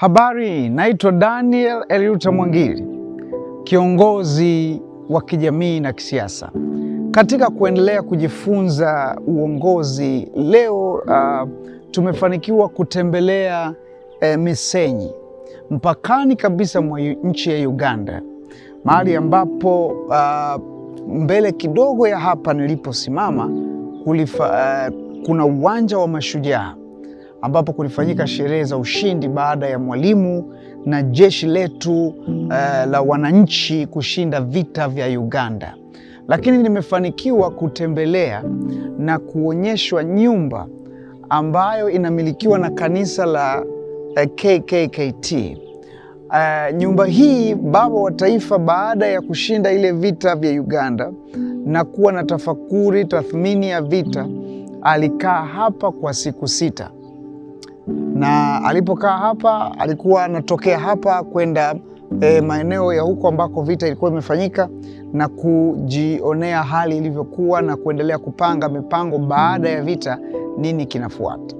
Habari, naitwa Daniel Eliuta Mwangili, kiongozi wa kijamii na kisiasa. Katika kuendelea kujifunza uongozi, leo uh, tumefanikiwa kutembelea eh, Misenyi, mpakani kabisa mwa nchi ya Uganda, mahali ambapo uh, mbele kidogo ya hapa niliposimama kulifa, uh, kuna uwanja wa Mashujaa ambapo kulifanyika sherehe za ushindi baada ya Mwalimu na jeshi letu uh, la wananchi kushinda vita vya Uganda. Lakini nimefanikiwa kutembelea na kuonyeshwa nyumba ambayo inamilikiwa na kanisa la uh, eh, KKKT. Uh, eh, nyumba hii baba wa taifa baada ya kushinda ile vita vya Uganda na kuwa na tafakuri, tathmini ya vita, alikaa hapa kwa siku sita na alipokaa hapa alikuwa anatokea hapa kwenda e, maeneo ya huko ambako vita ilikuwa imefanyika na kujionea hali ilivyokuwa na kuendelea kupanga mipango baada ya vita, nini kinafuata.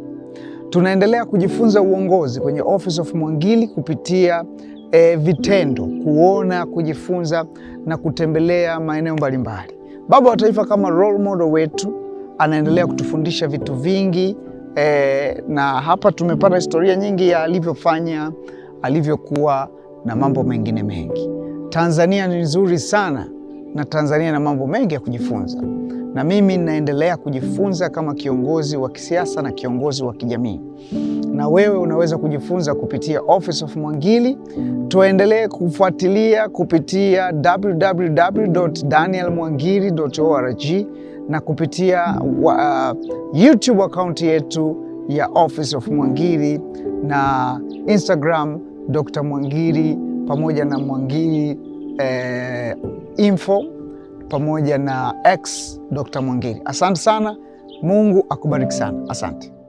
Tunaendelea kujifunza uongozi kwenye Office of Mwangili kupitia e, vitendo, kuona, kujifunza na kutembelea maeneo mbalimbali. Baba wa Taifa kama role model wetu anaendelea kutufundisha vitu vingi e, na hapa tumepata historia nyingi ya alivyofanya, alivyokuwa na mambo mengine mengi. Tanzania ni nzuri sana na Tanzania na mambo mengi ya kujifunza, na mimi ninaendelea kujifunza kama kiongozi wa kisiasa na kiongozi wa kijamii, na wewe unaweza kujifunza kupitia Office of Mwangili. Tuendelee kufuatilia kupitia www.danielmwangili.org na kupitia wa, uh, YouTube account yetu ya Office of Mwangiri na Instagram Dr. Mwangiri pamoja na Mwangiri eh, info pamoja na X Dr. Mwangiri. Asante sana. Mungu akubariki sana. Asante.